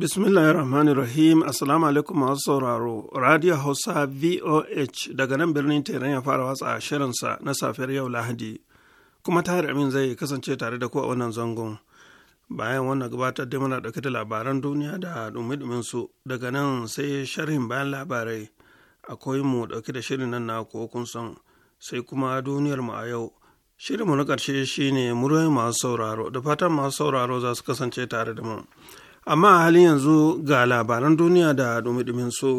Bismillahir Rahmanir Rahim, Assalamu alaikum masu sauraro, Radio Hausa VOH daga nan birnin Teran ya fara watsa shirinsa na safiyar yau Lahadi, kuma tahir amin zai kasance tare da ku a wannan zangon. Bayan wannan gabatar da muna ɗauke da labaran duniya da dumi su daga nan sai sharhin bayan labarai akwai mu ɗauke da shirin nan na kun son sai kuma duniyar mu a yau. Shirin mu na ƙarshe shine muryoyin masu sauraro da fatan masu sauraro za su kasance tare da mu. amma a halin yanzu ga labaran duniya da dumi su.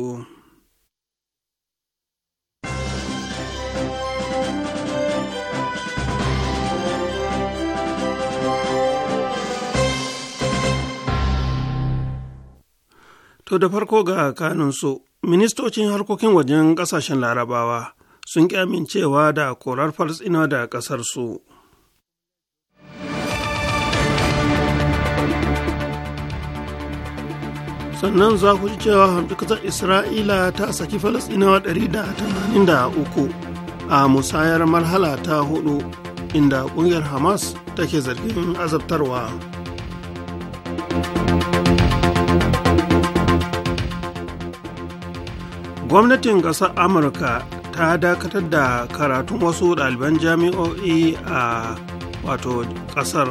To da farko ga kanunsu, ministocin harkokin wajen kasashen larabawa sun ƙi amincewa da korar fartsina da ƙasarsu. sannan za ku ji cewa hamdukatar isra'ila ta saki falasɗinawa 183 a musayar marhala ta hudu inda ƙungiyar hamas take zargin azabtarwa gwamnatin ƙasar amurka ta dakatar da karatun wasu ɗaliban jami'o'i a wato ƙasar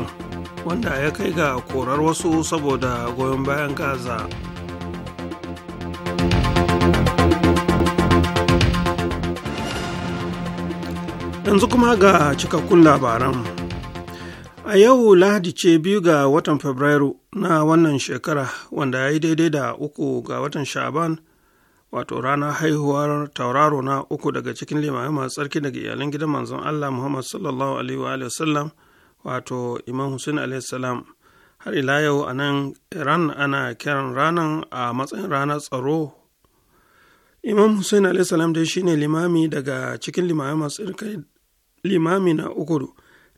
wanda ya kai ga korar wasu saboda goyon bayan gaza. yanzu kuma ga cikakkun labaran a yau lahadi ce biyu ga watan fabrairu na wannan shekara wanda ya yi daidai da uku ga watan shaban wato rana haihuwar tauraro na uku daga cikin limamai masu tsarki daga iyalin gidan manzon allah muhammad sallallahu alaihi wa sallam wato imam hussein alaihi salam har ila yau a nan iran ana kiran ranar a matsayin ranar tsaro imam hussein alaihi salam dai shine limami daga cikin limamai masu limami na uku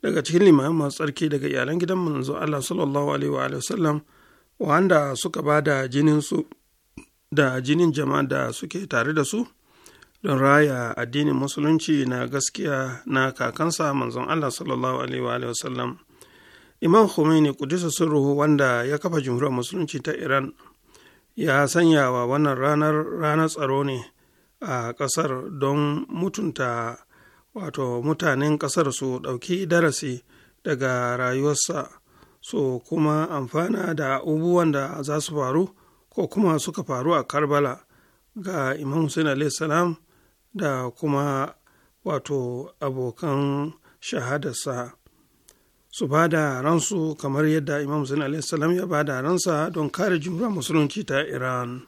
daga cikin limamin masu tsarki daga iyalan gidan manzo Allah sallallahu alaihi wa sallam wanda suka ba da jinin su da jinin jama'a da suke tare da su don raya addinin musulunci na gaskiya na kakansa manzon Allah sallallahu alaihi wa sallam Imam Khomeini kudisa sirruhu wanda ya kafa jumhuriyar musulunci ta Iran ya sanya wa wannan ranar ranar tsaro ne a ƙasar don mutunta wato mutanen ƙasar su ɗauki darasi daga rayuwarsa su kuma amfana da abubuwan da za su faru ko kuma suka faru a karbala ga imam hussein salam da kuma wato abokan shahadarsa su ba da ransu kamar yadda imam hussein salam ya ba da ransa don kare jumra musulunci ta iran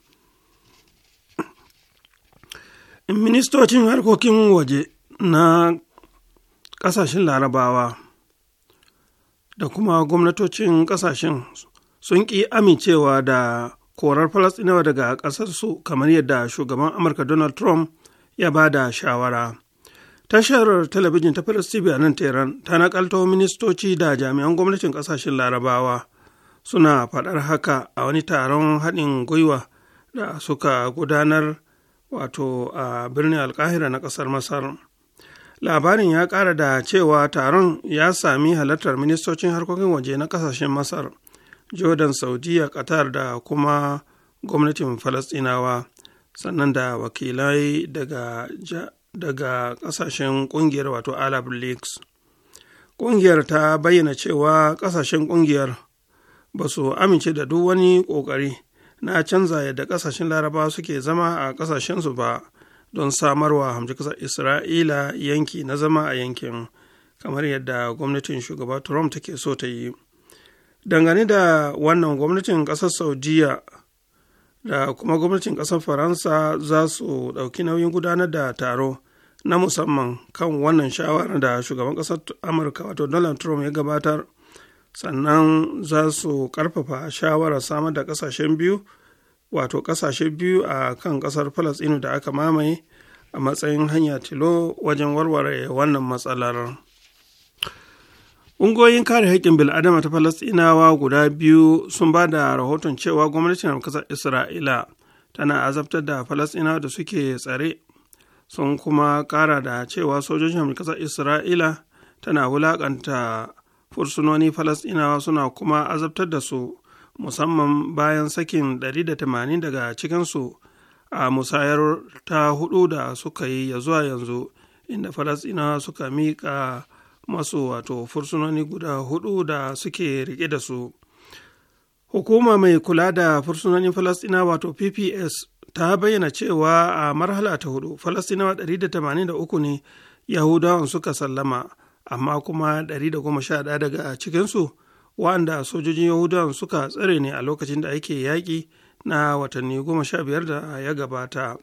ministocin harkokin waje na ƙasashen larabawa da kuma gwamnatocin ƙasashen sun ƙi amincewa da korar falastinawa daga ƙasarsu kamar yadda shugaban amurka donald trump ya ba da shawara tashar talabijin ta falastibi a nan teran ta nakalto ministoci da jami'an gwamnatin ƙasashen larabawa suna faɗar haka a wani taron haɗin gwiwa da suka gudanar wato a birnin alkahira na ƙasar masar labarin ya ƙara da cewa taron ya sami halartar ministocin harkokin waje na ƙasashen masar jordan saudiya qatar da kuma gwamnatin falastinawa sannan da wakilai daga kasashen ƙasashen ƙungiyar wato arab leagues ƙungiyar ta bayyana cewa ƙasashen ƙungiyar ba su amince da duk wani ƙoƙari na canza yadda ƙasashen larabawa suke zama a ƙasashensu ba don samarwa hamji kasar isra'ila yanki na zama a yankin kamar yadda gwamnatin shugaba trump take so ta yi dangane da wannan gwamnatin kasar saudiya da kuma gwamnatin kasar faransa za su ɗauki nauyin gudanar da taro na musamman kan wannan shawarar da shugaban kasar amurka wato donald trump ya gabatar sannan za su ƙarfafa shawarar samar da ƙasashen biyu wato ƙasashe biyu a kan ƙasar falasɗinu da aka mamaye a matsayin hanya tilo wajen warware wannan matsalar ƙungiyoyin kare haƙƙin bil'adama ta falasɗinawa guda biyu sun ba da rahoton cewa gwamnatin ƙasar isra'ila tana azabtar da falasɗinawa da suke tsare sun kuma ƙara da cewa sojojin ƙasar isra'ila tana wulaƙanta fursunoni falasɗinawa suna kuma azabtar da su musamman bayan sakin 180 daga cikinsu a musayar ta hudu da suka yi ya zuwa yanzu inda falasina suka miƙa masu wato fursunoni guda hudu da suke rike da su hukuma mai kula da fursunonin falastina wato pps ta bayyana cewa a marhala ta hudu falastinawa 183 ne yahudawan suka sallama amma kuma 111 daga cikinsu wanda sojojin yahudawan suka tsare ne a lokacin da ake yaƙi na watanni goma sha biyar da ya gabata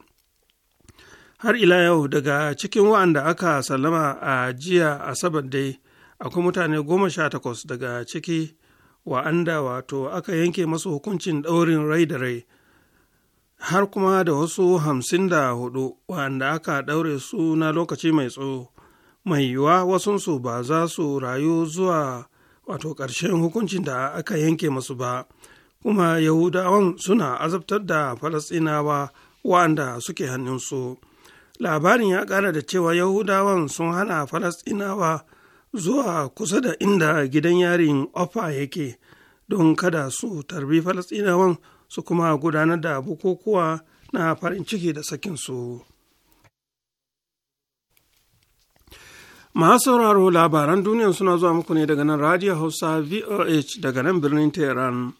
har ila yau daga cikin wa'anda aka sallama a jiya asabar dai akwai mutane goma sha takwas daga ciki wa'anda wato aka yanke masu hukuncin ɗaurin rai da rai har kuma da wasu hamsin da hudu wa'anda aka ɗaure su na lokaci mai tsawo mai yiwuwa wasunsu ba za su rayu zuwa wato ƙarshen hukuncin da aka yanke masu ba kuma yahudawan suna azabtar da falasɗinawa wa'anda suke hannunsu labarin ya ƙara da cewa yahudawan sun hana falasɗinawa zuwa kusa da inda gidan yarin ofa yake don kada su tarbi falasɗinawan su kuma gudanar da bukukuwa na farin ciki da sakinsu. Masu sauraro labaran duniya suna zuwa muku ne daga nan Radio Hausa VOH daga nan birnin Tehran.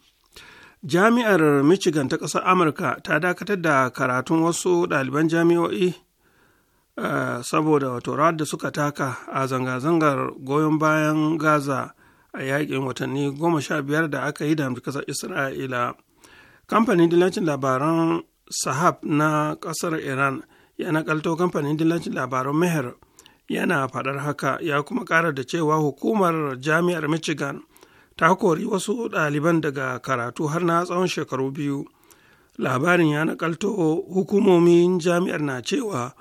Jami'ar Michigan ta ƙasar Amurka ta dakatar da karatun wasu ɗaliban jami'o'i eh, saboda wato rawar da suka taka a zanga-zangar goyon bayan Gaza a yaƙin watanni goma sha biyar da aka yi da ƙasar Isra'ila. Kamfanin dillacin labaran Sahab na ƙasar Iran ya nakalto kamfanin dillacin labaran Meher yana faɗar haka ya kuma ƙara da cewa hukumar jami'ar michigan ta kori wasu ɗaliban daga karatu har na tsawon shekaru biyu labarin ya nakalto hukumomin jami'ar na cewa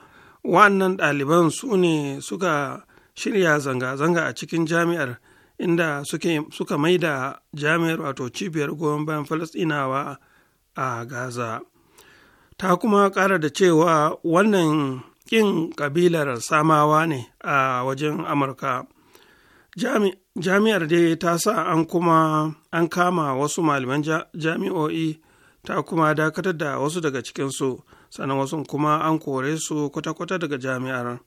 wannan ɗaliban su ne suka shirya zanga-zanga a cikin jami'ar inda suka mai da jami'ar wato cibiyar goyon bayan a gaza ta kuma ƙara da cewa wannan ƙin ƙabilar samawa ne a wajen amurka jami'ar dai ta sa an kuma an kama wasu malaman jami'o'i ta kuma dakatar da wasu daga cikinsu sannan wasu kuma an kore su kwata-kwata daga jami'ar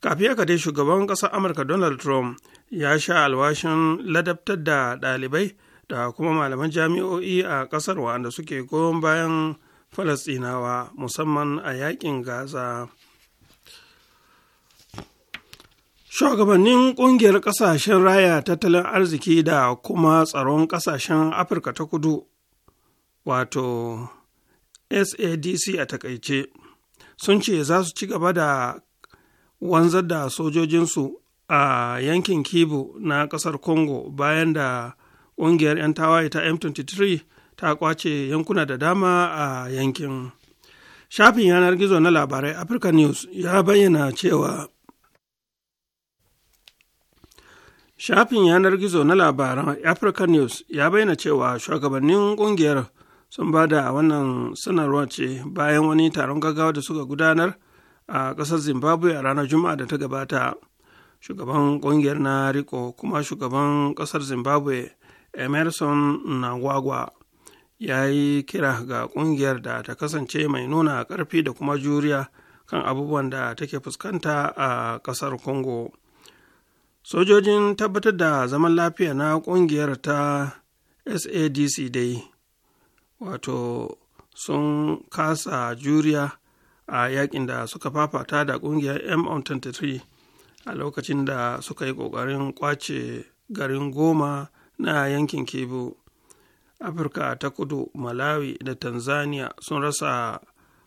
kafin aka dai shugaban ƙasar amurka donald trump ya sha alwashin ladabtar da ɗalibai da kuma malaman jami'o'i a ƙasar wa'anda suke goyon bayan falasɗinawa musamman a yakin gaza Shugabannin ƙungiyar ƙasashen raya tattalin arziki da kuma tsaron ƙasashen Afirka ta kudu, wato SADC a takaice, sun ce za su ci gaba da wanzar da sojojinsu a yankin Kibu na ƙasar Congo bayan da ƙungiyar 'yan tawaye ta M23 ta kwace yankuna da dama a yankin. Shafin yanar gizo na labarai Africa News ya bayyana cewa Shafin yanar gizo na labaran Africa News ya bayyana cewa shugabannin kungiyar sun ba da wannan sanarwa ce bayan wani taron gaggawa da suka gudanar a ƙasar Zimbabwe a ranar Juma'a da ta gabata. Shugaban kungiyar na Riko kuma shugaban ƙasar Zimbabwe Emerson Nangwagwa ya yi kira ga kungiyar da ta kasance mai nuna ƙarfi da kuma juriya kan abubuwan da take fuskanta a ƙasar Congo. sojojin tabbatar da zaman lafiya na ƙungiyar ta sadc dai wato sun kasa juriya a yakin da suka fafata da ƙungiyar m23 a lokacin da suka yi ƙoƙarin kwace garin goma na yankin kebu afirka ta kudu malawi da tanzania sun rasa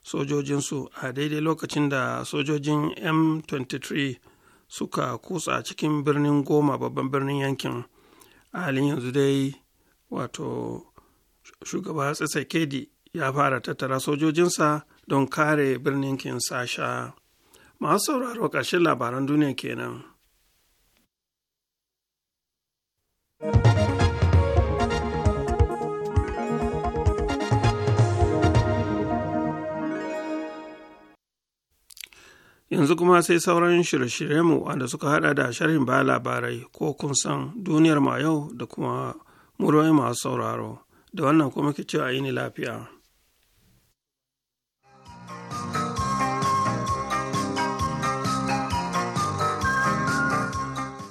sojojinsu a daidai lokacin da sojojin m23 suka kutsa cikin birnin goma babban birnin yankin a halin yanzu dai wato shugaba tsakedi ya fara tattara sojojinsa don kare birnin kinsasha masu sauraro ƙarshen labaran duniya kenan. yanzu kuma sai sauran shirye-shiryenmu wanda suka hada da sharhin ba labarai ko kun san duniyar ma yau da kuma murwai masu sauraro da wannan kuma ke cewa yi ni lafiya.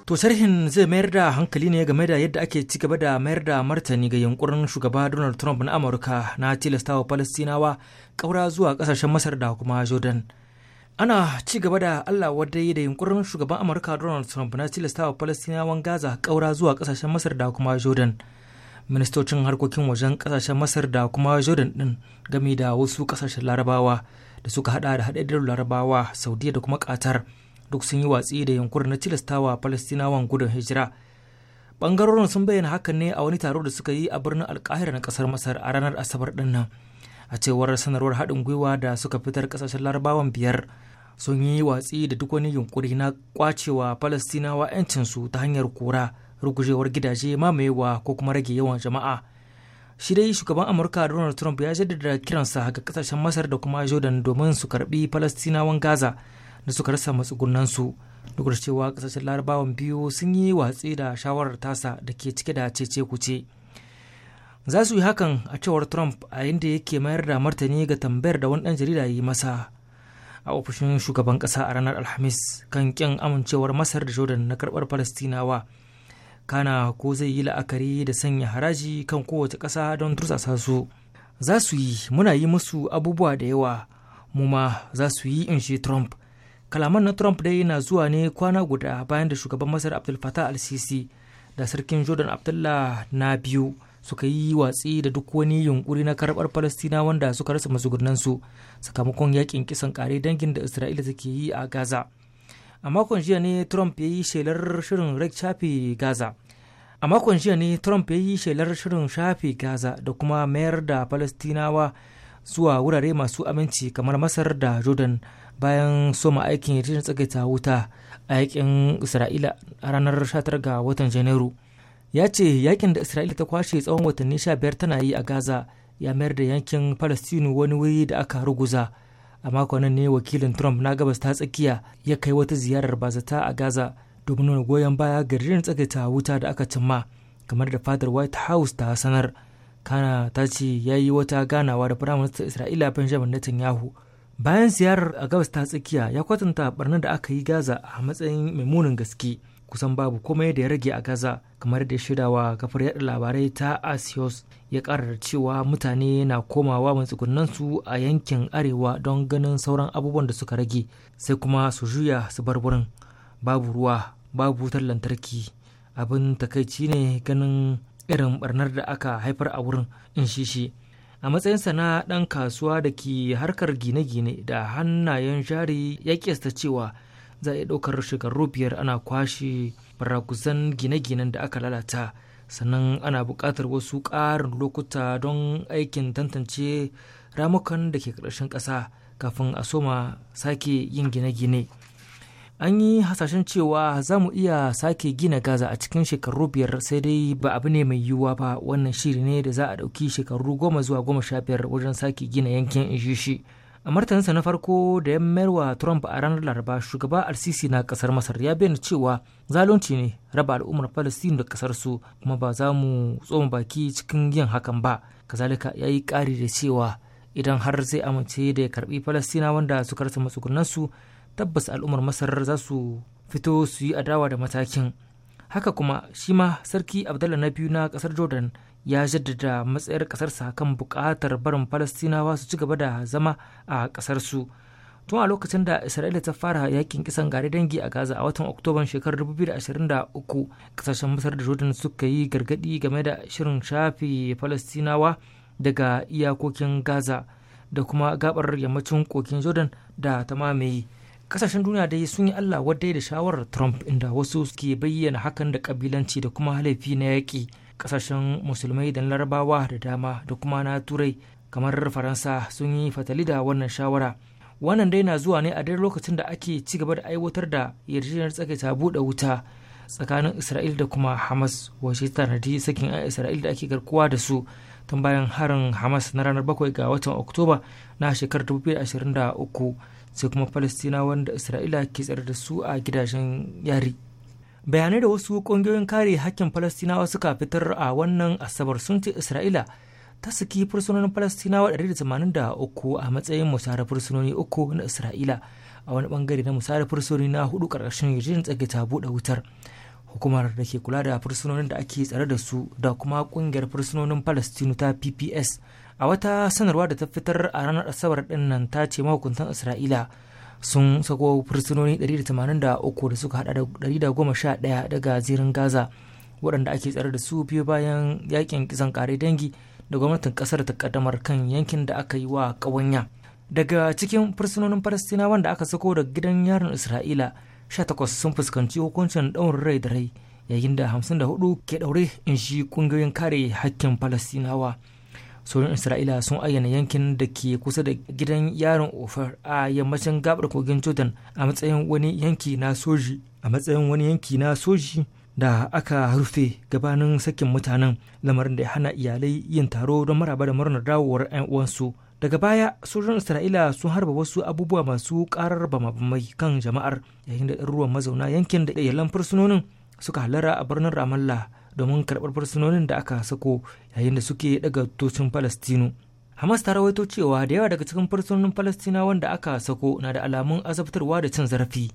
To sarhin zai mayar da hankali ne game da yadda ake ci gaba da mayar da martani ga yunkurin shugaba Donald Trump na Amurka na tilastawa Falastinawa ƙaura zuwa kasashen Masar da kuma Jordan. ana ci gaba da allah wadai da yunkurin shugaban amurka donald trump na wa palestinawan gaza kaura zuwa kasashen masar da kuma jordan ministocin harkokin wajen kasashen masar da kuma jordan din game da wasu kasashen larabawa da suka hada da haɗaɗɗen larabawa saudiya da kuma qatar duk sun yi watsi da yunkurin na wa palestinawan gudun hijira bangarorin sun bayyana hakan ne a wani taro da suka yi a birnin alkahira na kasar masar a ranar asabar din nan a cewar sanarwar haɗin gwiwa da suka fitar kasashen larabawan biyar sun yi watsi da duk wani yunkuri na kwacewa falastinawa 'yancinsu ta hanyar kora rugujewar gidaje mamayewa ko kuma rage yawan jama'a shi dai shugaban amurka donald trump ya jaddada kiransa ga kasashen masar da kuma jordan domin su karbi falastinawan gaza da suka rasa matsugunansu duk da cewa kasashen larabawan biyu sun yi watsi da shawarar tasa da ke cike da cece kuce za su yi hakan a cewar trump a inda yake mayar da martani ga tambayar da wani dan jarida yi masa a ofishin shugaban ƙasa a ranar alhamis kan kyan amincewar masar da jordan na karbar falastinawa kana ko zai yi la'akari da sanya haraji kan kowace ƙasa don tursasa su za su yi muna yi musu abubuwa da yawa mu ma za su yi in shi trump kalaman na trump dai na zuwa ne kwana guda bayan da shugaban masar abdul fatah al-sisi da sarkin jordan abdullah na biyu suka yi watsi da duk wani yunkuri na karbar Falastina wanda suka rasa su sakamakon yakin kisan kare dangin da Isra'ila take yi a Gaza. A makon jiya ne Trump ya yi shelar shirin shafe Gaza. A makon jiya ne Trump ya yi shelar shirin shafe Gaza da kuma mayar da Falastinawa zuwa wurare masu aminci kamar Masar da Jordan. bayan soma aikin yarjejeniyar tsagaita wuta a yakin isra'ila a ranar 19 ga watan janairu ya ce yakin da isra'ila ta kwashe tsawon watanni sha biyar tana yi a gaza ya mayar da yankin palestinu wani wuri da aka ruguza a makonan ne wakilin trump na gabas ta tsakiya ya kai wata ziyarar bazata a gaza domin nuna goyon baya ga ririn tsagaita wuta da aka cimma kamar da fadar white house ta sanar kana ta ce ya yi wata ganawa da minista isra'ila benjamin netanyahu bayan ziyarar a gabas ta tsakiya ya kwatanta barnar da aka yi gaza a matsayin mai munin gaske kusan babu komai da ya rage a gaza kamar da shidawa kafar yada labarai ta asios ya karar cewa mutane na komawa matsugunansu a yankin arewa don ganin sauran abubuwan da suka rage sai kuma su juya su bar wurin babu ruwa babu wutar lantarki abin takaici ne ganin irin barnar da aka haifar a wurin in shi shi a matsayinsa na dan kasuwa da ke harkar gine-gine da hannayen jari ya kesta cewa za a iya ɗaukar shekaru biyar ana kwashe barakusan gine-ginen da aka lalata sannan ana buƙatar wasu ƙarin lokuta don aikin tantance ramukan da ke ƙarshen ƙasa kafin a soma sake yin gine-gine an yi hasashen cewa za mu iya sake gina gaza a cikin shekaru biyar sai dai ba abu ne mai yiwuwa ba wannan shiri ne da za a ɗauki shekaru goma zuwa goma sha biyar wajen sake gina yankin in shi a sa na farko da ya mayar trump a ranar laraba shugaba al-sisi na kasar masar ya bayyana cewa zalunci ne raba al'ummar palestine da kasar su kuma ba za mu tsoma baki cikin yin hakan ba kazalika ya yi ƙari da cewa idan har zai amince da ya karbi palestina wanda su rasa matsugunan su tabbas al'ummar masar za su fito su yi adawa da matakin haka kuma shi ma sarki abdallah na biyu na kasar jordan ya jaddada matsayar kasarsa kan buƙatar barin falastinawa su ci gaba da zama a kasarsu tun a lokacin da isra'ila ta fara yakin kisan gari dangi a gaza a watan oktoban shekarar 2023 ƙasashen masar da jordan suka yi gargadi game da shirin shafi falastinawa daga iyakokin gaza da kuma gabar yammacin kokin jordan da ta mamaye kasashen duniya dai sun yi allah wadai da shawarar trump inda wasu suke bayyana hakan da kabilanci da kuma halafi na yaƙi kasashen musulmai da larabawa da dama da kuma na turai kamar faransa sun yi fatali da wannan shawara wannan dai na zuwa ne a dare lokacin da ake ci gaba da aiwatar da yarjejeniyar tsakaita buɗe wuta tsakanin isra'il da kuma hamas wace tanadi sakin a isra'il da ake garkuwa da su tun bayan harin hamas na ranar bakwai ga watan oktoba na shekarar 2023 sai kuma palestinawan da isra'ila ke tsare da su a gidajen yari bayanai da wasu ƙungiyoyin kare hakkin falastinawa suka fitar a wannan asabar sun ce isra'ila ta saki fursunonin falastinawa 183 a matsayin musara fursunoni uku na isra'ila a wani bangare na musara fursunoni na hudu ƙarƙashin yajin tsage ta buɗe wutar hukumar da ke kula da fursunonin da ake tsare da su da kuma ƙungiyar fursunonin falastinu ta pps a wata sanarwa da ta fitar a ranar asabar ɗin nan ta ce mahukuntan isra'ila sun sako fursunoni 183 da suka hada da 111 daga zirin gaza waɗanda ake tsare da su biyu bayan yakin kisan kare dangi da gwamnatin ƙasar ta kaddamar kan yankin da aka yi wa ƙawanya daga cikin fursunonin falastina wanda aka sako da gidan yaron isra'ila 18 sun fuskanci hukuncin ɗaurin rai da rai yayin da 54 ke ɗaure in shi kungiyoyin kare hakkin falastinawa sojin isra'ila sun ayyana yankin da ke kusa da gidan yaron ofar a yammacin gabar kogin jordan a matsayin wani yanki na soji a matsayin wani yanki na soji da aka rufe gabanin sakin mutanen lamarin da ya hana iyalai yin taro don maraba da murnar dawowar 'yan uwansu daga baya sojojin isra'ila sun harba wasu abubuwa masu karar bamabamai kan jama'ar yayin da ɗaruruwan mazauna yankin da iyalan fursunonin suka halara a birnin ramallah domin karɓar fursunonin da aka sako yayin da suke daga tutocin Falastinu. Hamas ta rawaito cewa da yawa daga cikin fursunonin Falastina wanda aka sako na da alamun azabtarwa da cin zarafi.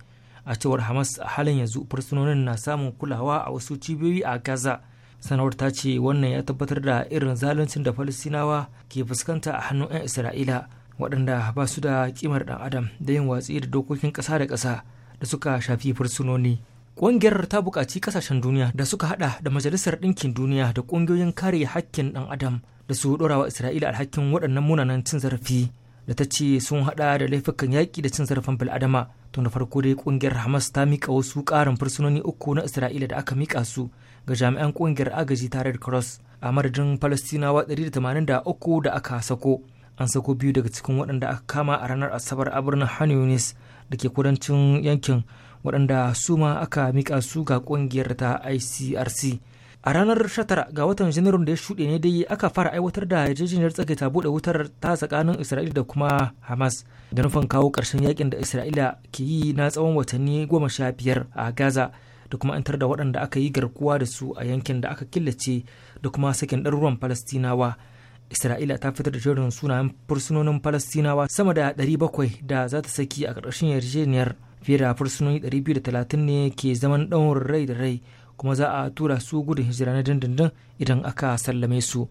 A cewar Hamas a halin yanzu fursunonin na samun kulawa a wasu cibiyoyi a Gaza. Sanarwar ta ce wannan ya tabbatar da irin zaluncin da Falastinawa ke fuskanta a hannun 'yan Isra'ila waɗanda ba su da kimar ɗan adam da yin watsi da dokokin ƙasa da ƙasa da suka shafi fursunoni. Ƙungiyar ta buƙaci kasashen duniya da suka hada da Majalisar Ɗinkin Duniya da ƙungiyoyin kare haƙƙin ɗan Adam da su ɗorawa Isra'ila alhakin waɗannan munanan cin zarafi da ta ce sun hada da laifukan yaƙi da cin zarafin bil'adama. Tun da farko dai ƙungiyar Hamas ta miƙa wasu ƙarin fursunoni uku na Isra'ila da aka miƙa su ga jami'an ƙungiyar agaji ta Red Cross a madadin Falastinawa 183 da aka sako. An sako biyu daga cikin waɗanda aka kama a ranar Asabar a birnin Hanunis da ke kudancin yankin waɗanda su ma aka mika su ga ƙungiyar ta icrc a ranar 19 ga watan janairun da ya shuɗe ne dai aka fara aiwatar da yarjejeniyar ta buɗe wutar ta tsakanin isra'ila da kuma hamas da nufin kawo ƙarshen yakin da isra'ila ke yi na tsawon watanni goma sha biyar a gaza da kuma antar da waɗanda aka yi garkuwa da su a yankin da aka killace da kuma sakin ɗaruruwan falastinawa isra'ila ta fitar da jerin sunayen fursunonin falastinawa sama da ɗari bakwai da za ta saki a ƙarƙashin yarjejeniyar fiye da da 230 ne ke zaman ɗaurin rai da rai kuma za a tura su gudun hijira na dindindin idan aka sallame su.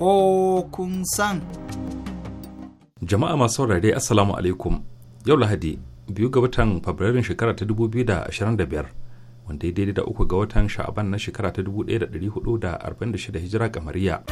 Ko kun san. Jama'a masu saurare Assalamu alaikum, yau Lahadi biyu ga watan fabrairun shekara ta 2025 wanda ya daidai da uku ga watan sha'aban na shekara ta 1446 hijira kamariya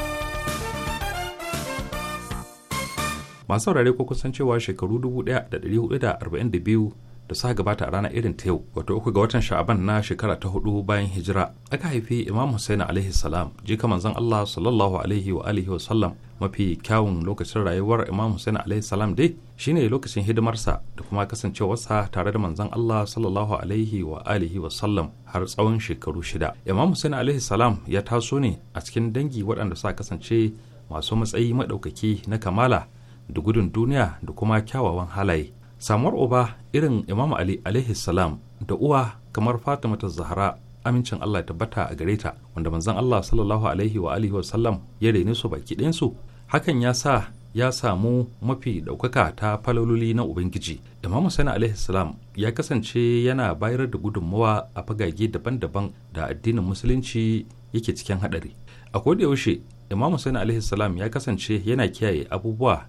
masu saurare ko kusan cewa shekaru 1442 da suka gabata a ranar irin ta yau wato uku ga watan sha'aban na shekara ta hudu bayan hijira aka haifi imam hussein alaihi salam jika manzon allah sallallahu alaihi wa alihi wa sallam mafi kyawun lokacin rayuwar imam hussein alaihi salam dai Shi ne lokacin hidimarsa da kuma kasancewarsa tare da manzon Allah sallallahu alaihi wa alihi wa sallam har tsawon shekaru shida. Imam Hussein alaihi salam ya taso ne a cikin dangi waɗanda sa kasance masu matsayi maɗaukaki na kamala da gudun duniya da kuma kyawawan halaye. Samuwar uba irin Imam Ali alaihi salam da uwa kamar Fatima ta Zahra amincin Allah tabbata a gare ta wanda manzon Allah sallallahu alaihi wa alihi wa sallam ya rene su baki su? hakan ya sa ya samu mafi ɗaukaka ta falololi na ubangiji imam hussein alaihi salam ya kasance yana bayar da gudunmawa a fagage daban-daban da addinin musulunci yake cikin haɗari a yaushe imam hussein alaihi salam ya kasance yana kiyaye abubuwa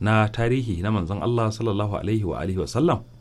na tarihi na manzon allah sallallahu alaihi wa alihi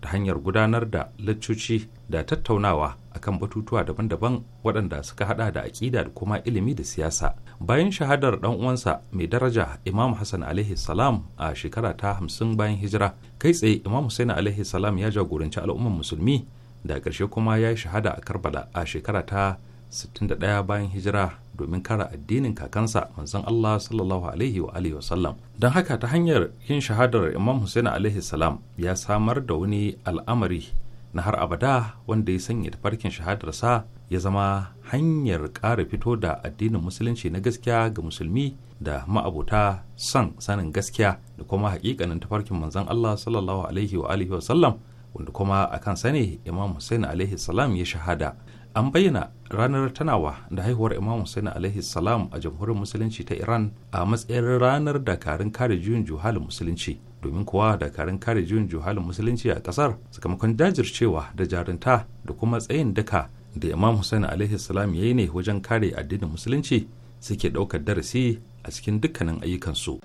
ta hanyar gudanar da laccoci da tattaunawa akan batutuwa daban-daban waɗanda suka hada da aƙida da kuma ilimi da siyasa bayan shahadar ɗan uwansa mai daraja imam hassan alaihi salam a shekara ta hamsin bayan hijira kai tsaye imam hussein alaihi salam ya jagoranci al'umman musulmi da ƙarshe kuma ya yi shahada a karbala a shekara ta 61 bayan hijira domin kara addinin kakansa manzon Allah sallallahu alaihi wa alihi wasallam don haka ta hanyar yin shahadar Imam Hussein alaihi salam ya samar da wani al'amari na har abada wanda ya sanya tafarkin shahadarsa ya zama hanyar ƙara fito da addinin musulunci na gaskiya ga musulmi da ma'abuta son sanin gaskiya da kuma hakikanin tafarkin manzon Allah sallallahu alaihi wa sallam wanda kuma a kan sani Imam Hussein alaihi salam ya shahada an bayyana ranar tanawa da haihuwar Imam Hussein alaihi salam a jamhuriyar musulunci ta Iran a matsayin ranar dakarun kare juyin juhalin musulunci domin kuwa dakarun kare juyin juhalin musulunci a kasar sakamakon jajircewa da jarunta da kuma tsayin duka da imam hussein alaihi salam ya yi ne wajen kare addinin musulunci suke ɗaukar darasi a cikin dukkanin ayyukansu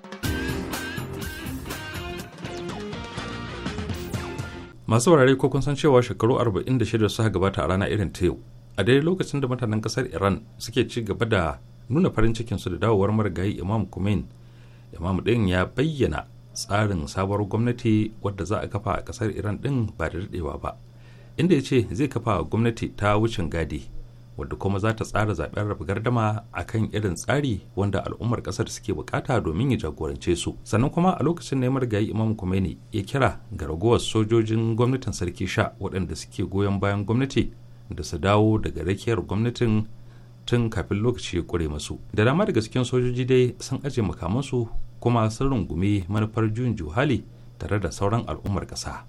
masu wurare ko kun san cewa shekaru 46 suka gabata a rana irin ta yau a daidai lokacin da mutanen kasar iran suke ci gaba da nuna farin cikinsu da dawowar marigayi imam kumain imam ɗin ya bayyana tsarin sabuwar gwamnati wadda za a kafa a kasar iran din ba da daɗewa ba inda ya ce zai kafa gwamnati ta wucin gadi wadda kuma za ta tsara zaɓen raba gardama a kan irin tsari wanda al'ummar kasar suke bukata domin ya jagorance su sannan kuma a lokacin ne marigayi imam kumeni ya kira ga ragowar sojojin gwamnatin sarki sha waɗanda suke goyon bayan gwamnati da su dawo daga rakiyar gwamnatin tun kafin lokaci ya kure masu da dama daga cikin sojoji dai sun aje makamansu kuma sun rungumi manufar junjo juhali tare da sauran al'ummar ƙasa.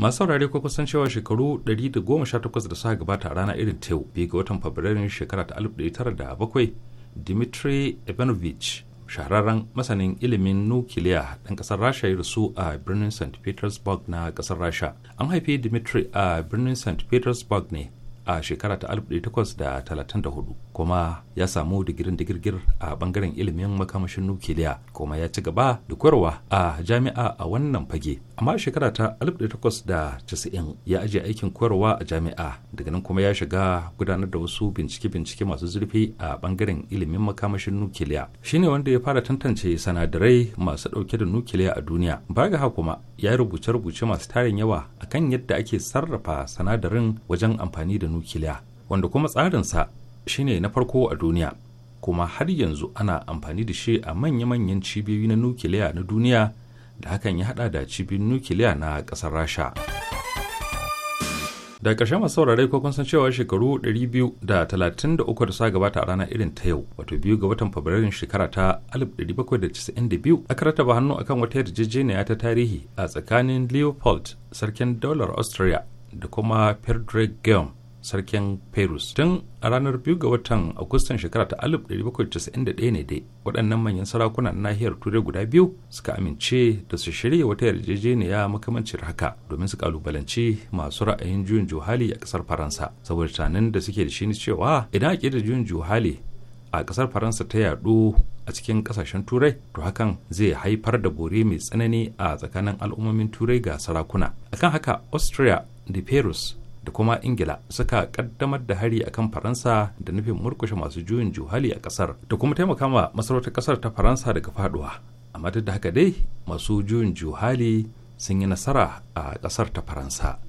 masu saurare ko kusan cewa shekaru 118 da suka gabata a rana irin ta yau ga watan fabrairun shekara ta 1907 dimitri ivanovich shahararren masanin ilimin nukiliya ɗan ƙasar rasha ya rasu a birnin st petersburg na ƙasar rasha an haifi dimitri a birnin st petersburg ne a shekara ta 1834 kuma ya samu digirin digirgir a bangaren ilimin makamashin nukiliya kuma ya ci gaba da koyarwa a jami'a a wannan fage amma shekara ta 1890 ya ajiye aikin koyarwa a jami'a daga nan kuma ya shiga gudanar da wasu bincike-bincike masu zurfi a bangaren ilimin makamashin nukiliya shine wanda ya fara tantance sanadarai masu dauke da nukiliya a duniya ga haka kuma ya rubuce-rubuce masu tarin yawa akan yadda ake sarrafa sanadarin wajen amfani da nukiliya wanda kuma tsarinsa shine na farko a duniya kuma har yanzu ana amfani da shi a manya-manyan cibiyoyi na nukiliya na duniya da hakan ya hada da cibin nukiliya na kasar rasha da ƙarshen masu saurare ko kun san cewa shekaru 233 da suka gabata a ranar irin ta yau wato biyu ga watan fabrairun shekara ta 1792 aka rataba hannu akan wata yarjejeniya ta tarihi a tsakanin leopold sarkin daular austria da kuma frederick guillaume sarkin Perus. Tun a ranar biyu ga watan Agustan shekara ta 1791 ne dai waɗannan manyan sarakunan nahiyar Turai guda biyu suka amince da su shirya wata yarjejeniya makamancin haka domin su kalubalanci masu ra'ayin juyin juhali a ƙasar Faransa. Saboda tunanin da suke da shi ne cewa idan a da juyin juhali a ƙasar Faransa ta yaɗu a cikin ƙasashen Turai to hakan zai haifar da bore mai tsanani a tsakanin al'ummomin Turai ga sarakuna. Akan haka Austria da Perus da kuma ingila suka kaddamar da hari akan faransa da nufin murkushe masu juyin juhali a kasar da kuma taimaka ma masarautar kasar ta faransa daga faduwa amma duk da haka dai masu juyin juhali sun yi nasara a kasar ta faransa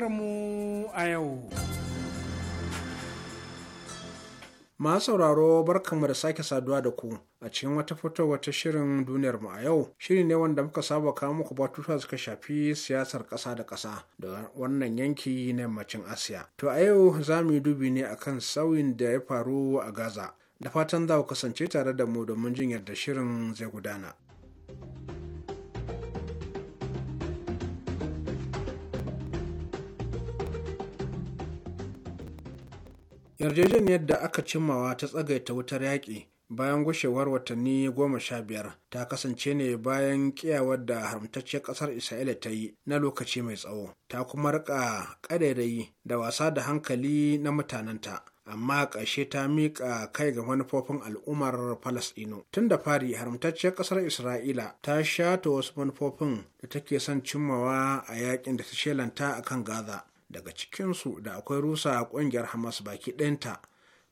mu a yau. Masu sauraro barkanmu da sake saduwa da ku a cikin wata fitowar wata shirin duniyarmu a yau. Shiri ne wanda muka saba kawo muku batutuwa suka shafi siyasar ƙasa da ƙasa da wannan yanki na yammacin Asiya. To a yau za mu yi dubi ne akan sauyin da ya faru a Gaza. Da fatan za ku kasance tare da mu domin jin yadda shirin zai gudana. yarjejeniyar da aka cimmawa ta tsagaita wutar yaƙi bayan gushewar watanni goma sha biyar ta kasance ne bayan kiyawar da haramtacciyar ƙasar isra'ila ta yi na lokaci mai tsawo ta kuma riƙa ƙadairayi da wasa da hankali na mutanenta amma ƙarshe ta miƙa kai ga manufofin al'ummar falasɗinu tun da fari haramtacciyar ƙasar isra'ila ta shata wasu manufofin da take son cimmawa a yaƙin da ta shelanta a kan gaza daga cikinsu da akwai rusa a ƙungiyar hamas baki ɗinta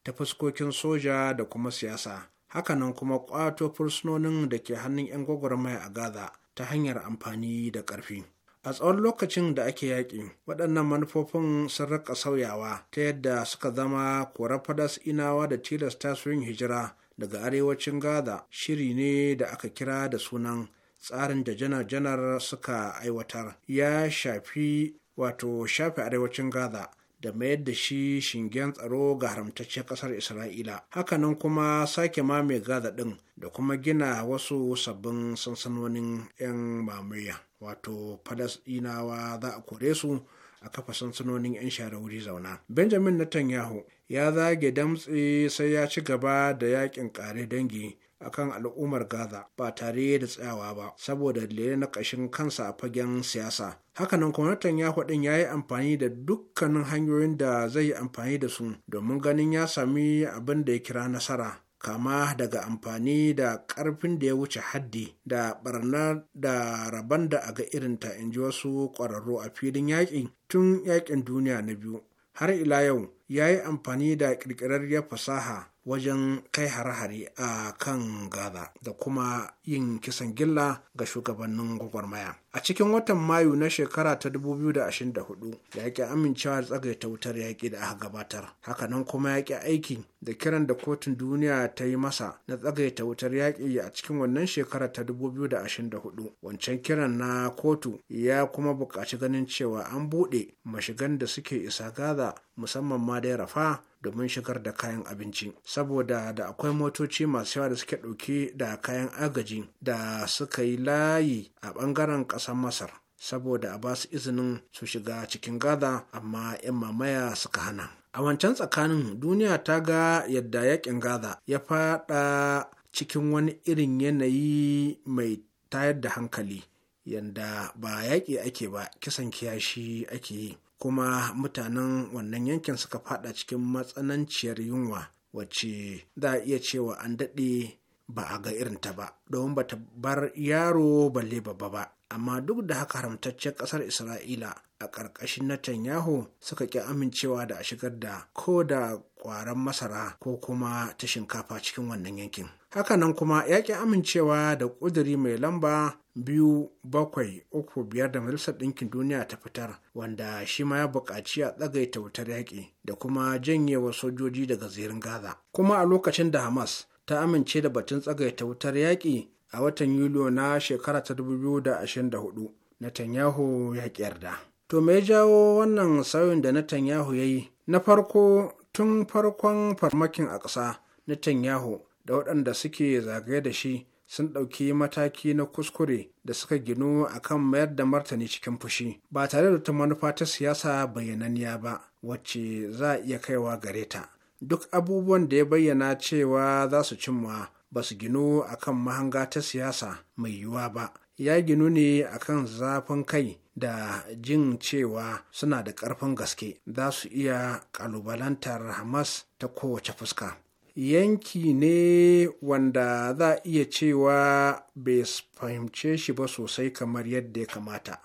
ta fuskokin soja da kuma siyasa hakanan kuma ƙwato fursunonin da ke hannun 'yan gwagwarmaya a gaza ta hanyar amfani da ƙarfi a tsawon lokacin da ake yaƙi waɗannan manufofin sun rika sauyawa ta yadda suka zama korar fadas inawa da tilasta su yin hijira daga arewacin gaza shiri ne da aka kira da sunan tsarin da janar-janar suka aiwatar ya shafi wato shafe arewacin gaza da mayar da shi shingen tsaro ga haramtacciyar kasar isra'ila hakanan kuma sake mame gaza ɗin da kuma gina wasu sabbin sansanonin 'yan mamaya wato falasɗinawa za a kore su a kafa sansanonin 'yan share wuri zauna benjamin netanyahu ya zage damtse sai ya ci gaba da yakin kare dangi akan al'ummar Gaza ba tare da tsayawa ba saboda dalilai na ƙashin kansa a fagen siyasa. Hakanan kuma ya ɗin ya yi amfani da dukkanin hanyoyin da zai yi amfani da su domin ganin ya sami abin da ya kira nasara. kama daga amfani da ƙarfin da ya wuce haddi da barna da rabon da aga irinta in ji wasu ƙwararru a filin yaƙi tun yaƙin duniya na biyu har ila yau ya yi amfani da ƙirƙirarriyar fasaha wajen kai hare-hare a kan gaza da kuma yin kisan gilla ga shugabannin gwagwarmaya a cikin watan mayu na shekara ta 2024 ya yaƙi amincewa da tsagaita wutar yaƙi da aka gabatar hakanan kuma yaƙi aiki da kiran da kotun duniya ta yi masa na tsagaita wutar yaƙi a cikin wannan shekara ta 2024 wancan kiran na kotu ya kuma buƙaci ganin cewa an buɗe mashigan da suke isa gaza musamman ma dai rafa domin shigar da kayan abinci saboda da akwai motoci masu yawa da suke ɗauke da kayan agaji da suka yi layi a ɓangaren ƙasar masar saboda a ba su izinin su shiga cikin gaza amma 'yan mamaya suka hana a wancan tsakanin duniya ta ga yadda yakin gaza ya fada cikin wani irin yanayi mai tayar da hankali yanda ba yaƙi ake ba kisan kiyashi ake yi kuma mutanen wannan yankin suka fada cikin matsananciyar yunwa wacce za a iya cewa an daɗe ba a ga irin ta ba domin ba ta bar yaro balle babba ba amma duk da haka haramtaccen ƙasar isra'ila a ƙarƙashin netanyahu suka ƙi amincewa da a shigar da ko da ƙwaron masara ko kuma ta shinkafa cikin wannan yankin hakanan kuma ya ƙi amincewa da ƙuduri mai lamba biyu bakwai uku biyar da majalisar ɗinkin duniya ta fitar wanda shi ma ya buƙaci a tsagaita wutar yaƙi da kuma janyewa sojoji daga zirin gaza kuma a lokacin da hamas ta amince da batun tsagaita wutar yaƙi a watan yuliyo na shekara ta 2024 netanyahu ya ƙi yarda to me ya jawo wannan sauyin da netanyahu ya yi na farko tun farkon farmakin a ƙasa netanyahu da waɗanda suke zagaye da shi sun ɗauki mataki na kuskure da suka ginu a kan mayar da martani cikin fushi ba tare da ta manufa ta siyasa bayyananniya ba wacce za a iya kaiwa gare ta duk abubuwan da ya bayyana cewa za su cimma ba su ginu a kan mahanga ta siyasa mai yiwuwa ba ya ginu ne a kan zafin kai da jin cewa suna da ƙarfin gaske za su iya ƙalubalantar hamas ta kowace fuska yanki ne wanda za a iya cewa bai fahimce shi ba sosai kamar yadda ya kamata